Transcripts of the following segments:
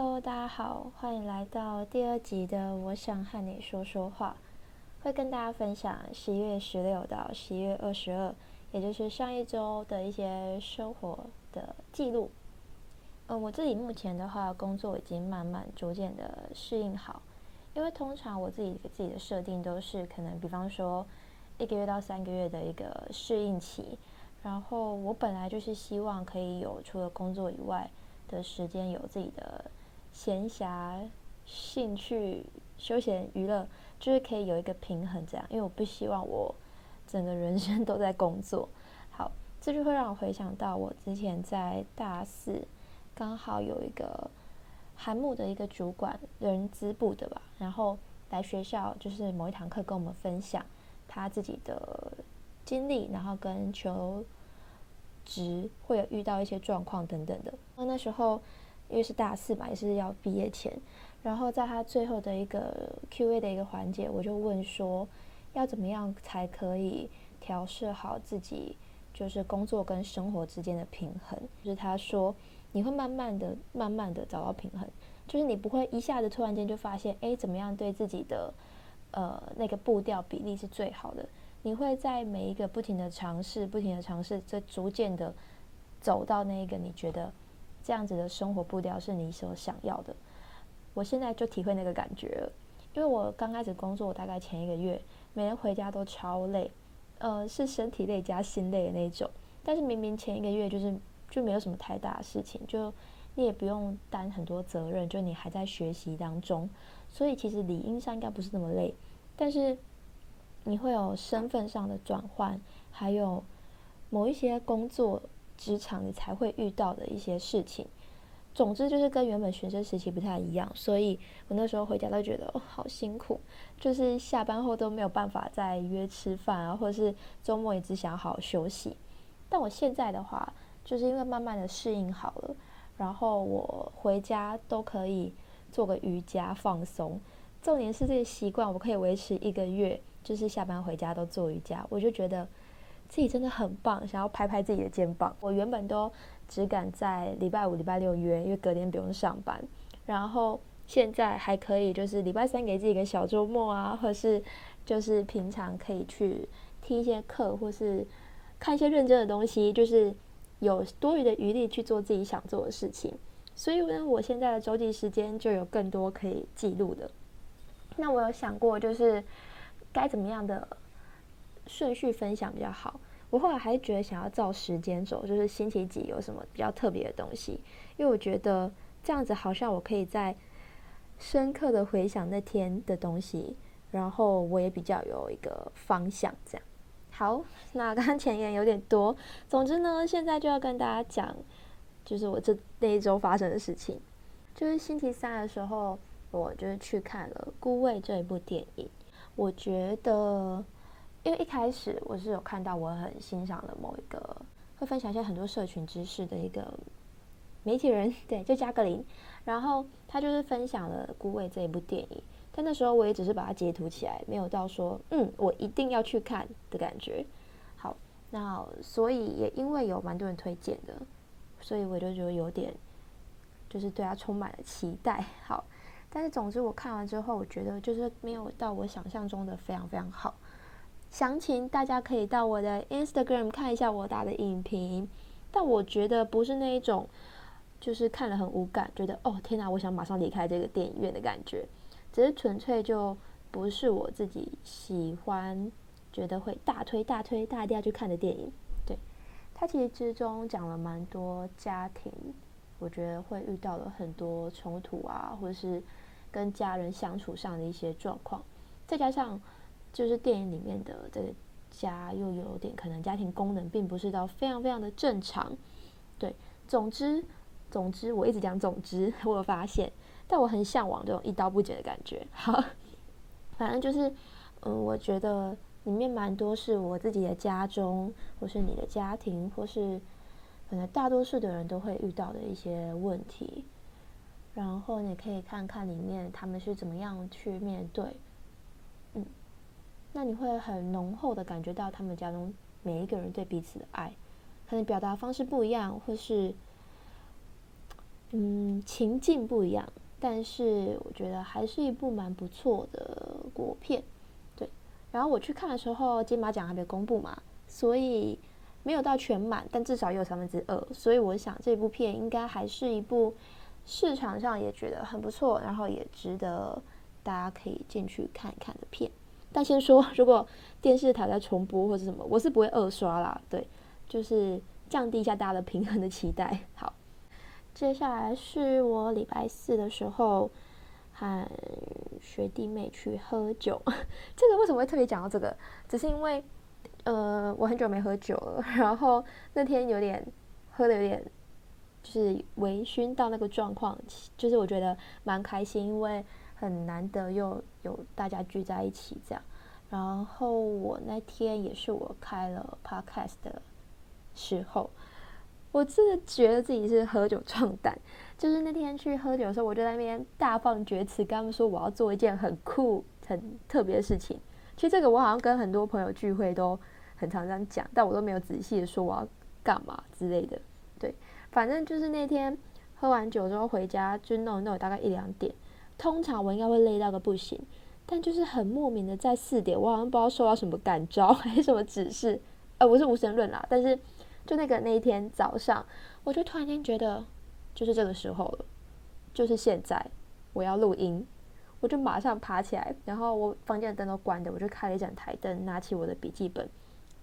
Hello，大家好，歡迎來到第二集的《我想和你說說話》，會跟大家分享十一月十六到十一月二十二，也就是上一週的一些生活的記錄。呃，我自己目前的話，工作已經慢慢逐漸的適應好，因為通常我自己給自己的設定都是可能，比方說一個月到三個月的一個適應期，然後我本來就是希望可以有除了工作以外的時間有自己的。閒暇、興趣、休閒、娛樂，就是可以有一個平衡，這樣。因為我不希望我整個人生都在工作。好，這就會讓我回想到我之前在大四，剛好有一個韓木的一個主管人資部的吧，然後來學校就是某一堂課跟我們分享他自己的經歷，然後跟求職會有遇到一些狀況等等的。那那時候。因為是大四嘛，也是要畢業前，然後在他最後的一個 Q&A 的一個環節，我就問說，要怎麼樣才可以調試好自己，就是工作跟生活之間的平衡？就是他說，你會慢慢的、慢慢的找到平衡，就是你不會一下子突然間就發現，哎，怎麼樣對自己的，呃，那個步調比例是最好的？你會在每一個不停的嘗試、不停的嘗試，這逐漸的走到那一個你覺得。這樣子的生活步調是你所想要的。我現在就體會那個感覺了，因為我剛開始工作，我大概前一個月，每天回家都超累，呃，是身體累加心累的那種。但是明明前一個月就是就沒有什麼太大的事情，就你也不用擔很多責任，就你還在學習當中，所以其實理應上應該不是那麼累。但是你會有身份上的轉換，還有某一些工作。職場你才會遇到的一些事情，總之就是跟原本學生時期不太一樣，所以我那時候回家都覺得哦，好辛苦，就是下班後都沒有辦法再約吃飯啊，或者是周末也只想好好休息。但我現在的話，就是因為慢慢的適應好了，然後我回家都可以做個瑜伽放鬆，重點是這些習慣我可以維持一個月，就是下班回家都做瑜伽，我就覺得。自己真的很棒，想要拍拍自己的肩膀。我原本都只敢在禮拜五、禮拜六約，因為隔天不用上班。然後現在還可以，就是禮拜三給自己個小週末啊，或是就是平常可以去聽一些課，或是看一些認真的東西，就是有多餘的餘力去做自己想做的事情。所以呢，我現在的週期時間就有更多可以記錄的。那我有想過，就是該怎麼樣的？順序分享比較好。我後來還是覺得想要照時間走，就是星期幾有什麼比較特別的東西，因為我覺得這樣子好像我可以再深刻的回想那天的東西，然後我也比較有一個方向。這樣好，那剛剛前言有點多，總之呢，現在就要跟大家講，就是我這那一週發生的事情。就是星期三的時候，我就是去看了《孤味》這一部電影，我覺得。因為一開始我是有看到，我很欣賞的某一個會分享一些很多社群知識的一個媒體人，對，就加個零，然後他就是分享了《孤味》這一部電影，但那時候我也只是把它截圖起來，沒有到說嗯，我一定要去看的感覺。好，那所以也因為有蠻多人推薦的，所以我就覺得有點就是對他充滿了期待。好，但是總之我看完之後，我覺得就是沒有到我想象中的非常非常好。詳情大家可以到我的 Instagram 看一下我打的影評，但我覺得不是那一種，就是看了很無感，覺得哦天哪，我想馬上離開這個電影院的感覺。只是純粹就不是我自己喜歡，覺得會大推大推大家去看的電影。對，它其實之中講了蠻多家庭，我覺得會遇到了很多衝突啊，或者是跟家人相處上的一些狀況，再加上。就是電影裡面的這個家，又有點可能家庭功能並不是到非常非常的正常。對，總之，總之我一直講總之，我有發現，但我很向往這種一刀不剪的感覺。好，反正就是，嗯，我覺得裡面蠻多是我自己的家中，或是你的家庭，或是可能大多數的人都會遇到的一些問題。然後你可以看看裡面他們是怎麼樣去面對。那你會很濃厚的感覺到他們家中每一個人對彼此的愛，可能表達方式不一樣，或是嗯，情境不一樣，但是我覺得還是一部蠻不錯的國片。對，然後我去看的時候，金馬獎還沒公布嘛，所以沒有到全滿，但至少也有三分之二，所以我想這部片應該還是一部市場上也覺得很不錯，然後也值得大家可以進去看一看的片。但先說，如果電視台在重播或者什麼，我是不會二刷啦。對，就是降低一下大家的平衡的期待。好，接下來是我禮拜四的時候喊學弟妹去喝酒。 這個為什麼會特別講到這個？只是因為，呃，我很久沒喝酒了，然後那天有點喝得有點就是微醺到那個狀況，就是我覺得蠻開心，因為。很難得又有大家聚在一起這樣。然後我那天也是我開了 Podcast 的時候，我真的覺得自己是喝酒壯膽。就是那天去喝酒的時候，我就在那邊大放厥詞，跟他們說我要做一件很酷、很特別的事情。其實這個我好像跟很多朋友聚會都很常常講，但我都沒有仔細的說我要幹嘛之類的。對，反正就是那天喝完酒之後回家就弄弄，大概一兩點。通常我應該會累到個不行，但就是很莫名的在四點，我好像不知道受到什麼感召還是什麼指示，呃，不是無神論啦，啊，但是就那個那一天早上，我就突然間覺得就是這個時候了，就是現在我要錄音，我就馬上爬起來，然後我房間的燈都關的，我就開了一盞台燈，拿起我的筆記本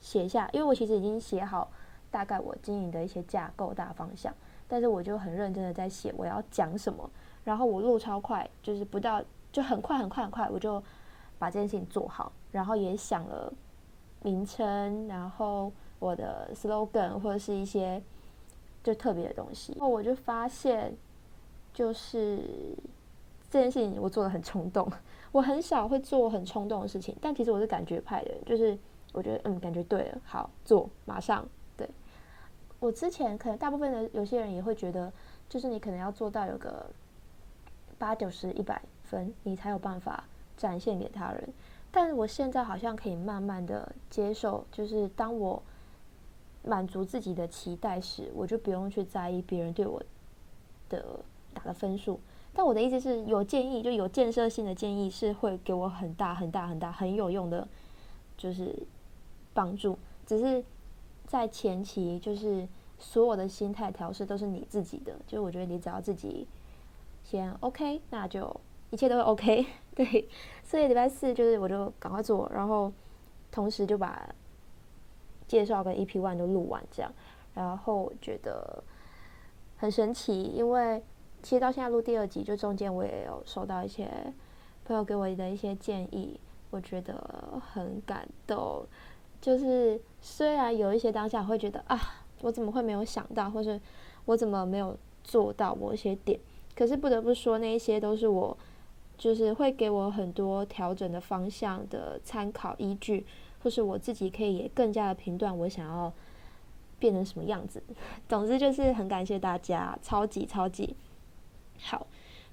寫一下，因為我其實已經寫好大概我經營的一些架構大方向，但是我就很認真的在寫我要講什麼，然後我錄超快，就是不到就很快很快很快，我就把這件事情做好。然後也想了名稱，然後我的 slogan 或者是一些就特別的東西。然後我就發現，就是這件事情我做的很衝動。我很少會做很衝動的事情，但其實我是感覺派的，就是我覺得嗯，感覺對了，好，做馬上。對，我之前可能大部分的有些人也會覺得，就是你可能要做到有個。八九十一百分，你才有辦法展現給他人。但我現在好像可以慢慢的接受，就是當我滿足自己的期待時，我就不用去在意別人對我的打的分數。但我的意思是有建議，就有建設性的建議，是會給我很大很大很大很有用的，就是幫助。只是在前期，就是所有的心態調適都是你自己的，就是我覺得你只要自己，先 OK，那就一切都會 OK。對，所以禮拜四就是我就趕快做，然後同時就把介紹跟 EP One 都錄完這樣。然後我覺得很神奇，因為其實到現在錄第二集，就中間我也有收到一些朋友給我的一些建議，我覺得很感動。就是雖然有一些當下會覺得啊，我怎麼會沒有想到，或是我怎麼沒有做到某一些點。可是不得不說，那一些都是我，就是會給我很多調整的方向的參考依據，或是我自己可以也更加的評斷我想要變成什麼樣子。總之就是很感謝大家，超級超級好。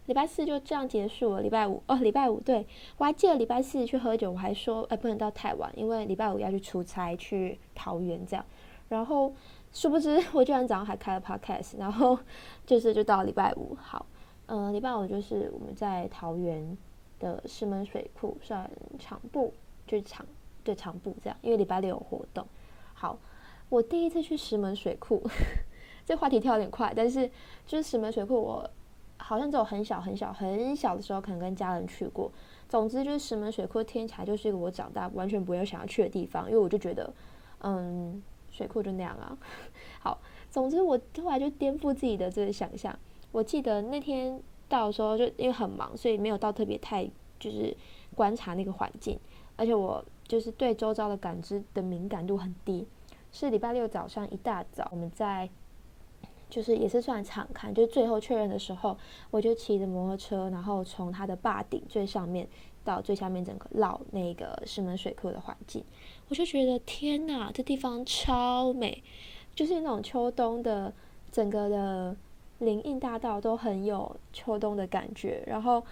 禮拜四就這樣結束了，禮拜五哦，禮拜五，對，我還記得禮拜四去喝酒，我還說哎，欸，不能到太晚，因為禮拜五要去出差去桃園這樣。然後，殊不知我居然早上還開了 podcast。然後這次就到禮拜五，好，嗯、呃，禮拜五就是我們在桃園的石門水庫算場佈，就是場對場佈這樣，因為禮拜六有活動。好，我第一次去石門水庫呵呵，這話題跳有點快，但是就是石門水庫，我好像只有很小很小很小的時候，可能跟家人去過。總之，就是石門水庫聽起來就是一個我長大完全不會有想要去的地方，因為我就覺得，嗯。水庫就那樣啊， 好，總之我後來就顛覆自己的這個想象我記得那天到的時候，就因為很忙，所以沒有到特別太就是觀察那個環境，而且我就是對周遭的感知的敏感度很低。是禮拜六早上一大早，我們在就是也是算場勘，就最後確認的時候，我就騎着摩托車，然後從它的壩頂最上面。到最下面整個繞那個石門水庫的環境，我就覺得天哪，這地方超美！就是那種秋冬的整個的林蔭大道都很有秋冬的感覺。然後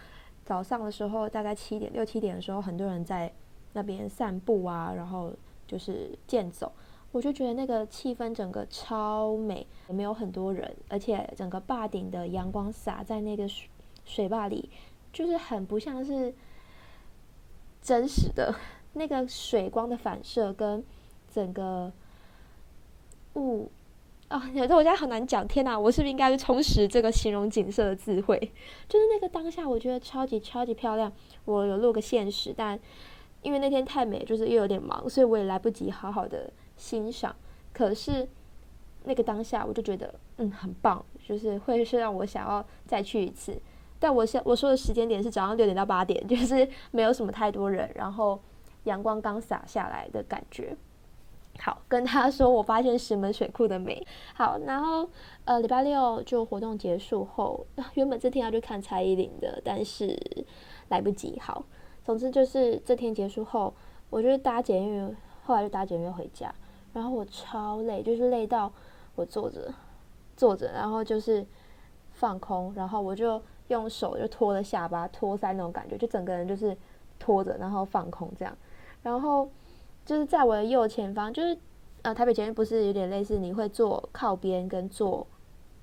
早上的時候，大概七點六七點的時候，很多人在那邊散步啊，然後就是健走。我就覺得那個氣氛整個超美，也沒有很多人，而且整個壩頂的陽光灑在那個水水壩裡，就是很不像是。真實的那個水光的反射跟整個霧啊，哦，這我現在很難講。天哪，我是不是應該去充實這個形容景色的智慧？就是那個當下，我覺得超級超級漂亮。我有錄個現實，但因為那天太美，就是又有點忙，所以我也來不及好好的欣賞。可是那個當下，我就覺得嗯很棒，就是會是讓我想要再去一次。但我現我說的時間點是早上六點到八點，就是沒有什麼太多人，然後陽光剛灑下來的感覺。好，跟他說我發現石門水庫的美好。然後呃，禮拜六就活動結束後，呃，原本這天要去看蔡依林的，但是來不及。好，總之就是這天結束後，我就搭捷運，後來就搭捷運回家。然後我超累，就是累到我坐着坐着，然後就是放空，然後我就。用手就托着下巴托腮那種感覺，就整個人就是托着，然後放空這樣，然後就是在我的右前方，就是呃台北前面不是有點類似，你會坐靠邊跟坐，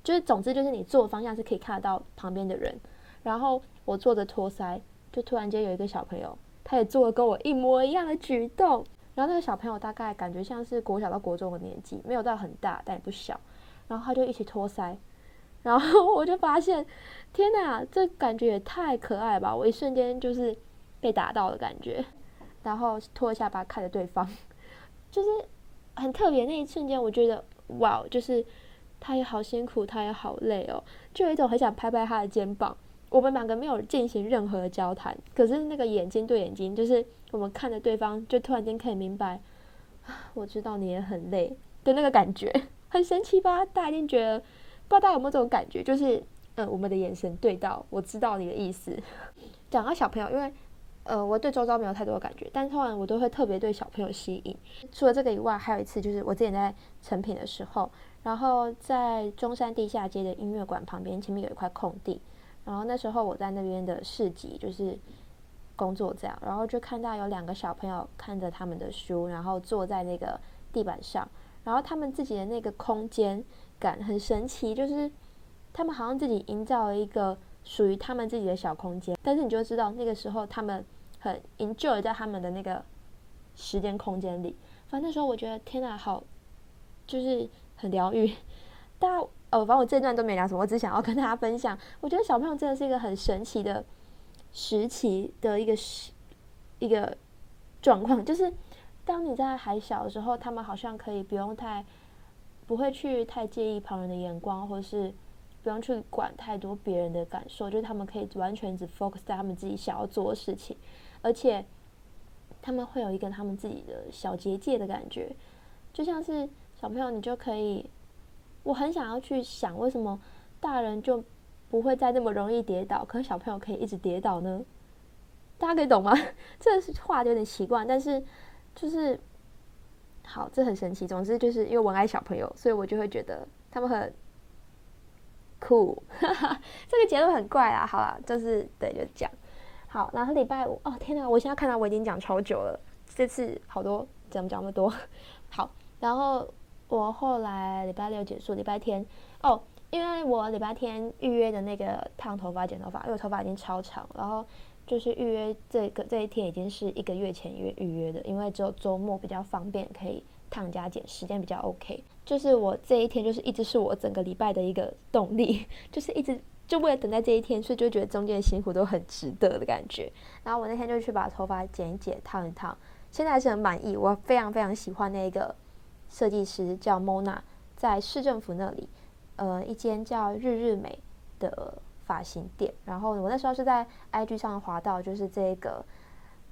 就是總之就是你坐的方向是可以看得到旁邊的人，然後我坐着托腮，就突然間有一個小朋友，他也做了跟我一模一樣的舉動，然後那個小朋友大概感覺像是國小到國中的年紀，沒有到很大但也不小，然後他就一起托腮。然後我就發現，天哪，這感覺也太可愛了吧！我一瞬間就是被打到的感覺，然後托下巴看着對方，就是很特別那一瞬間，我覺得哇，就是他也好辛苦，他也好累哦，就有一種很想拍拍他的肩膀。我們兩個沒有進行任何的交談，可是那個眼睛對眼睛，就是我們看着對方，就突然間可以明白啊，我知道你也很累的那個感覺，很神奇吧？大家一定覺得。不知道大家有沒有這種感覺，就是，嗯，我們的眼神對到，我知道你的意思。講 到小朋友，因為，呃，我對周遭沒有太多的感覺，但是通常我都會特別對小朋友吸引。除了這個以外，還有一次就是我之前在誠品的時候，然後在中山地下街的音樂館旁邊，前面有一塊空地，然後那時候我在那邊的市集就是工作這樣，然後就看到有兩個小朋友看着他們的書，然後坐在那個地板上，然後他們自己的那個空間感很神奇，就是他們好像自己營造了一個屬於他們自己的小空間。但是你就知道那個時候，他們很 enjoy 在他們的那個時間空間裡。反正那時候我覺得，天哪、啊，好，就是很療癒。但呃、哦，反正我這一段都沒聊什麼，我只想要跟大家分享，我覺得小朋友真的是一個很神奇的時期的一個一個狀況，就是當你在還小的時候，他們好像可以不用太。不會去太介意旁人的眼光，或是不用去管太多別人的感受，就是他們可以完全只 focus 在他們自己想要做的事情，而且他們會有一個他們自己的小結界的感覺，就像是小朋友，你就可以，我很想要去想為什麼大人就不會再這麼容易跌倒，可小朋友可以一直跌倒呢？大家可以懂嗎？ 這是話有點奇怪，但是就是。好，這很神奇。總之就是因為我愛小朋友，所以我就會覺得他們很酷。 這個結論很怪啊。好啦，就是對，就這樣。好，然後禮拜五，哦天哪、啊，我現在看到我已經講超久了。這次好多，怎麼講那麼多。好，然後我後來禮拜六結束，禮拜天，哦，因為我禮拜天預約的那個燙頭髮、剪頭髮，因為我頭髮已經超長，然後。就是預約這個這一天已經是一個月前約預約的，因為只有周末比較方便，可以燙加剪，時間比較 OK。就是我這一天就是一直是我整個禮拜的一個動力，就是一直就為了等待這一天，所以就覺得中間的辛苦都很值得的感覺。然後我那天就去把頭髮剪一剪，燙一燙，現在還是很滿意，我非常非常喜歡那個設計師叫 Mona，在市政府那裡，呃，一間叫日日美的。髮型店，然後我那時候是在 IG 上滑到，就是這個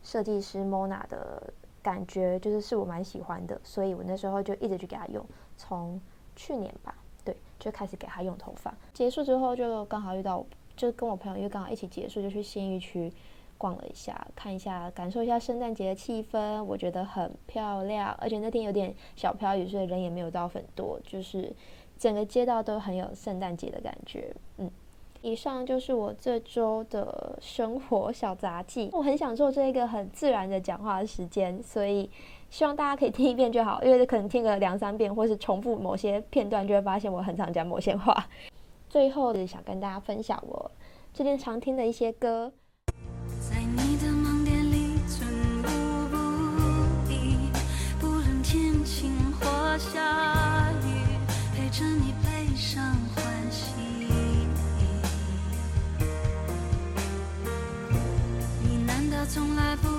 設計師 Mona 的感覺，就是是我蠻喜歡的，所以我那時候就一直去給他用，從去年吧，對，就開始給他用頭髮。結束之後就剛好遇到，就跟我朋友因為剛好一起結束，就去信義區逛了一下，看一下，感受一下聖誕節的氣氛，我覺得很漂亮，而且那天有點小飄雨，所以人也沒有到很多，就是整個街道都很有聖誕節的感覺，嗯。以上就是我這周的生活小雜記，我很享受這一個很自然的講話的時間，所以希望大家可以聽一遍就好，因為可能聽個兩三遍或是重復某些片段，就會發現我很常講某些話。最後就是想跟大家分享我最近常聽的一些歌。在你的盲點裡，寸步不移，不論天晴或下雨，陪著你從來不。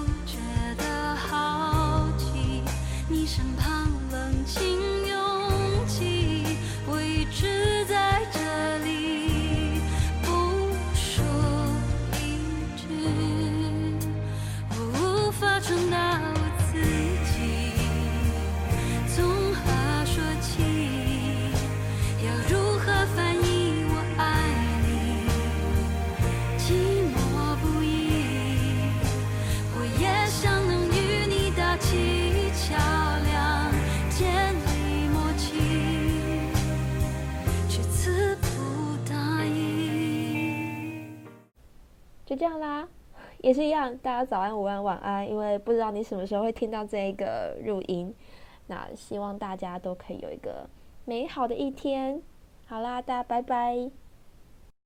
這樣啦，也是一樣，大家早安、午安、晚安。因為不知道你什麼時候會聽到這一個錄音，那希望大家都可以有一個美好的一天。好啦，大家拜拜。